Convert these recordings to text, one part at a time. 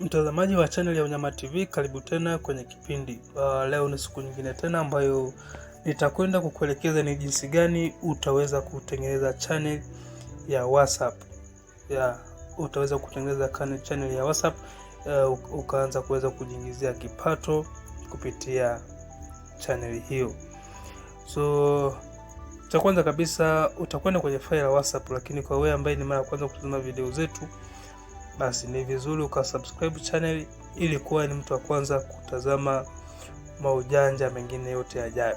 Mtazamaji wa channel ya Unyama TV, karibu tena kwenye kipindi. Uh, leo ni siku nyingine tena ambayo nitakwenda kukuelekeza ni jinsi gani utaweza kutengeneza channel ya WhatsApp. Yeah, utaweza kutengeneza channel ya WhatsApp uh, ukaanza kuweza kujiingizia kipato kupitia channel hiyo. So cha kwanza kabisa utakwenda kwenye file ya WhatsApp, lakini kwa wewe ambaye ni mara ya kwanza kutazama video zetu basi ni vizuri ukasubscribe channel ili kuwa ni mtu wa kwanza kutazama maujanja mengine yote yajayo.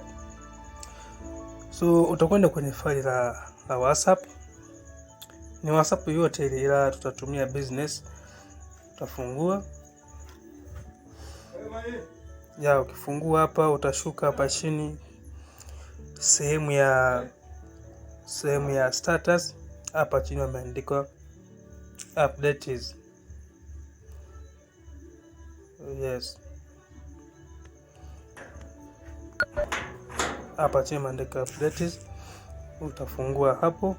So utakwenda kwenye faili la, la WhatsApp. Ni WhatsApp yote ile, ila tutatumia business. Utafungua ya, ukifungua hapa utashuka hapa chini sehemu ya sehemu ya status hapa chini wameandikwa update is yes. Hapa chini maandika update is utafungua hapo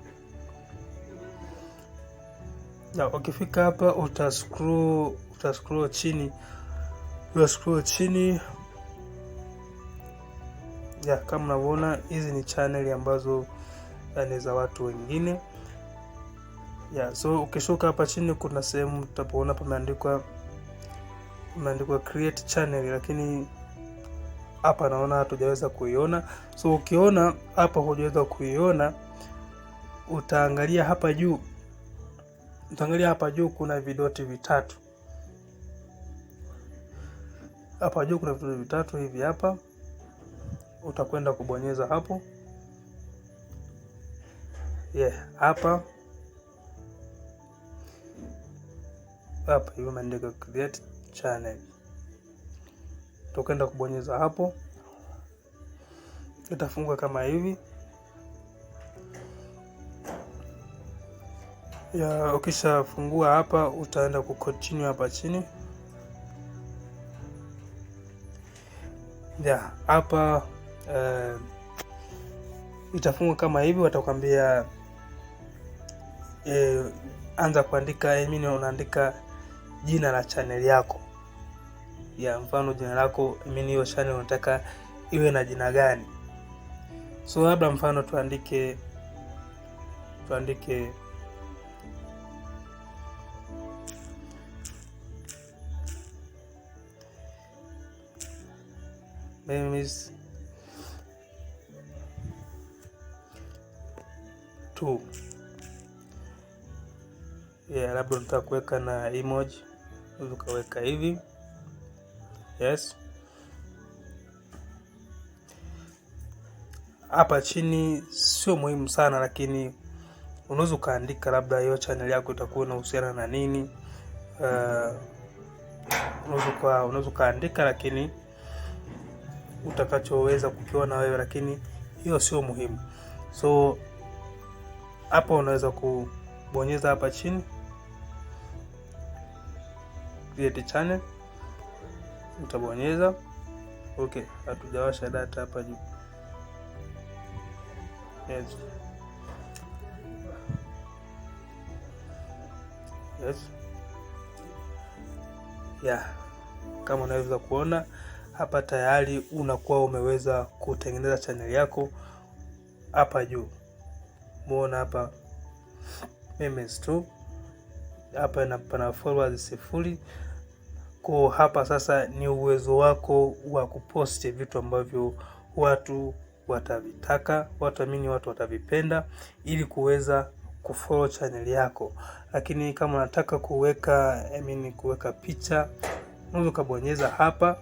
na ukifika hapa utascrew utascrew chini, utascrew chini ya kama unavyoona hizi ni channel ambazo eh, ni za watu wengine yeah, so ukishuka hapa chini kuna sehemu utapoona pameandikwa pameandikwa create channel, lakini hapa naona hatujaweza kuiona. So ukiona hapa hujaweza kuiona, utaangalia hapa juu, utaangalia hapa juu kuna vidoti vitatu hapa juu kuna vidoti vitatu hivi hapa, utakwenda kubonyeza hapo yeah, hapa hapa hivyo imeandikwa create channel, tukaenda kubonyeza hapo, itafunguka kama hivi ya. Ukishafungua hapa, utaenda ku continue hapa chini ya hapa uh, eh, itafunguka kama hivi, watakwambia eh, anza kuandika, mimi unaandika jina la channel yako ya mfano jina lako mimi, hiyo channel unataka iwe na jina gani? So labda mfano tuandike tuandike memes tu, yeah, labda nitakuweka na emoji ukaweka hivi yes. Hapa chini sio muhimu sana, lakini unaweza ukaandika labda hiyo channel yako itakuwa inahusiana na nini. Uh, unaweza ukaandika lakini utakachoweza kukiona wewe, lakini hiyo sio muhimu. So hapa unaweza kubonyeza hapa chini create channel utabonyeza. Okay, hatujawasha data hapa juu. Yes. Yes. Yeah. Kama unaweza kuona hapa tayari unakuwa umeweza kutengeneza chaneli yako hapa juu. Muona hapa memes tu hapa pana followers sifuri. Kwa hapa sasa ni uwezo wako wa kuposti vitu ambavyo watu watavitaka, wataamini, watu watavipenda, ili kuweza kufollow channel yako. Lakini kama unataka kuweka I mean, kuweka picha unaweza ukabonyeza hapa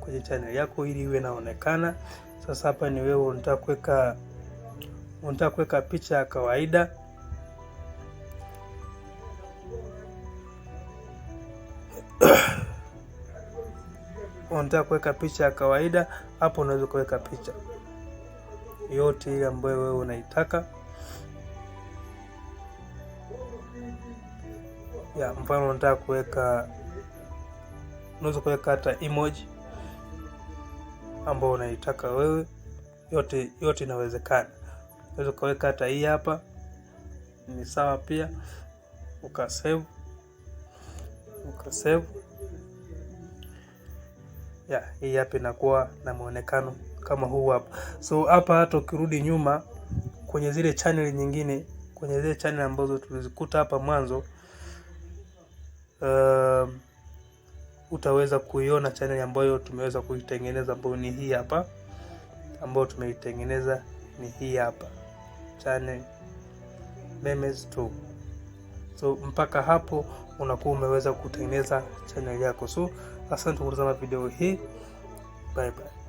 kwenye channel yako ili iwe inaonekana. Sasa hapa ni wewe unataka kuweka unataka kuweka picha ya kawaida unataka kuweka picha ya kawaida, hapo unaweza kuweka picha yote ile ambayo wewe unaitaka. Ya mfano unataka kuweka, unaweza kuweka hata emoji ambayo unaitaka wewe, yote yote inawezekana. Unaweza kuweka hata hii hapa, ni sawa pia, ukasave ukasave yeah, hii hapa inakuwa na muonekano kama huu hapa. So hapa hata ukirudi nyuma kwenye zile channel nyingine, kwenye zile channel ambazo tulizikuta hapa mwanzo uh, utaweza kuiona channel ambayo tumeweza kuitengeneza ambayo ni hii hapa, ambayo tumeitengeneza ni hii hapa channel memes tu. So mpaka hapo unakuwa umeweza kutengeneza channel yako so असेल पुढचा video हे bye bye